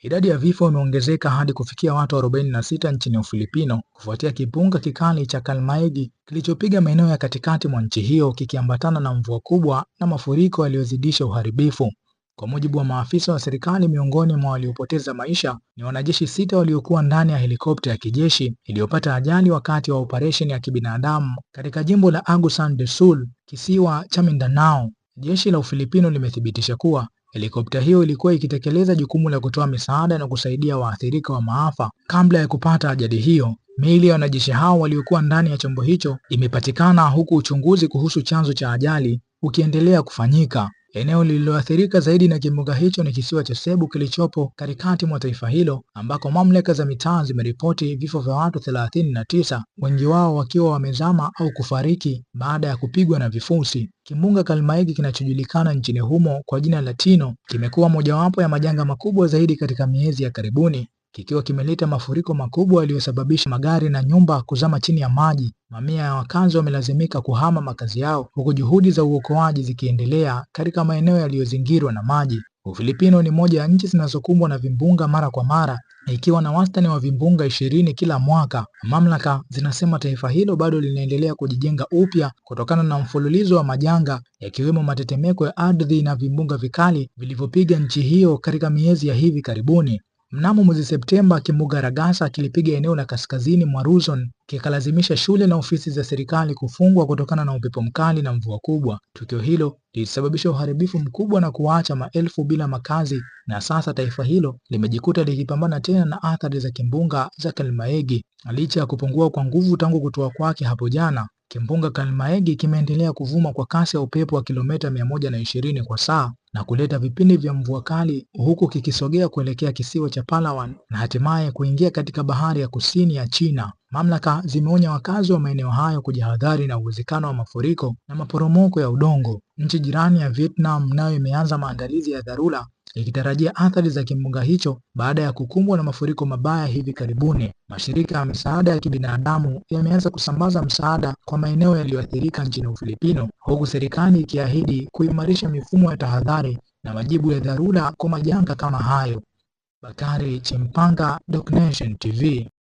Idadi ya vifo imeongezeka hadi kufikia watu 46 nchini Ufilipino kufuatia kimbunga kikali cha Kalmaegi kilichopiga maeneo ya katikati mwa nchi hiyo kikiambatana na mvua kubwa na mafuriko yaliyozidisha uharibifu. Kwa mujibu wa maafisa wa serikali, miongoni mwa waliopoteza maisha ni wanajeshi sita waliokuwa ndani ya helikopta ya kijeshi iliyopata ajali wakati wa operesheni ya kibinadamu katika jimbo la Agusan de Sul, kisiwa cha Mindanao. Jeshi la Ufilipino limethibitisha kuwa Helikopta hiyo ilikuwa ikitekeleza jukumu la kutoa misaada na kusaidia waathirika wa maafa. Kabla ya kupata ajali hiyo, miili ya wanajeshi hao waliokuwa ndani ya chombo hicho imepatikana, huku uchunguzi kuhusu chanzo cha ajali ukiendelea kufanyika. Eneo lililoathirika zaidi na kimbunga hicho ni kisiwa cha Sebu kilichopo katikati mwa taifa hilo ambako mamlaka za mitaa zimeripoti vifo vya watu 39, wengi wao wakiwa wamezama au kufariki baada ya kupigwa na vifusi. Kimbunga Kalmaegi kinachojulikana nchini humo kwa jina la Tino kimekuwa mojawapo ya majanga makubwa zaidi katika miezi ya karibuni kikiwa kimeleta mafuriko makubwa yaliyosababisha magari na nyumba kuzama chini ya maji. Mamia ya wakazi wamelazimika kuhama makazi yao, huku juhudi za uokoaji zikiendelea katika maeneo yaliyozingirwa na maji. Ufilipino ni moja ya nchi zinazokumbwa na vimbunga mara kwa mara, ikiwa na wastani wa vimbunga ishirini kila mwaka. Mamlaka zinasema taifa hilo bado linaendelea kujijenga upya kutokana na mfululizo wa majanga, yakiwemo matetemeko ya ardhi na vimbunga vikali vilivyopiga nchi hiyo katika miezi ya hivi karibuni. Mnamo mwezi Septemba, ragasa kilipiga eneo la kaskazini mwa Luzon kikalazimisha shule na ofisi za serikali kufungwa kutokana na upepo mkali na mvua kubwa. Tukio hilo lilisababisha uharibifu mkubwa na kuacha maelfu bila makazi, na sasa taifa hilo limejikuta likipambana tena na athari za kimbunga cha Kalmaegi licha ya kupungua kwa nguvu tangu kutoa kwake hapo jana. Kimbunga Kalmaegi kimeendelea kuvuma kwa kasi ya upepo wa kilomita 120 kwa saa na kuleta vipindi vya mvua kali huku kikisogea kuelekea kisiwa cha Palawan na hatimaye kuingia katika bahari ya kusini ya China. Mamlaka zimeonya wakazi wa maeneo hayo kujihadhari na uwezekano wa mafuriko na maporomoko ya udongo. Nchi jirani ya Vietnam nayo imeanza maandalizi ya dharura ikitarajia athari za kimbunga hicho baada ya kukumbwa na mafuriko mabaya hivi karibuni. Mashirika ya misaada ya kibinadamu yameanza kusambaza msaada kwa maeneo yaliyoathirika nchini Ufilipino, huku serikali ikiahidi kuimarisha mifumo ya tahadhari na majibu ya dharura kwa majanga kama hayo. Bakari Chimpanga, Doc Nation TV.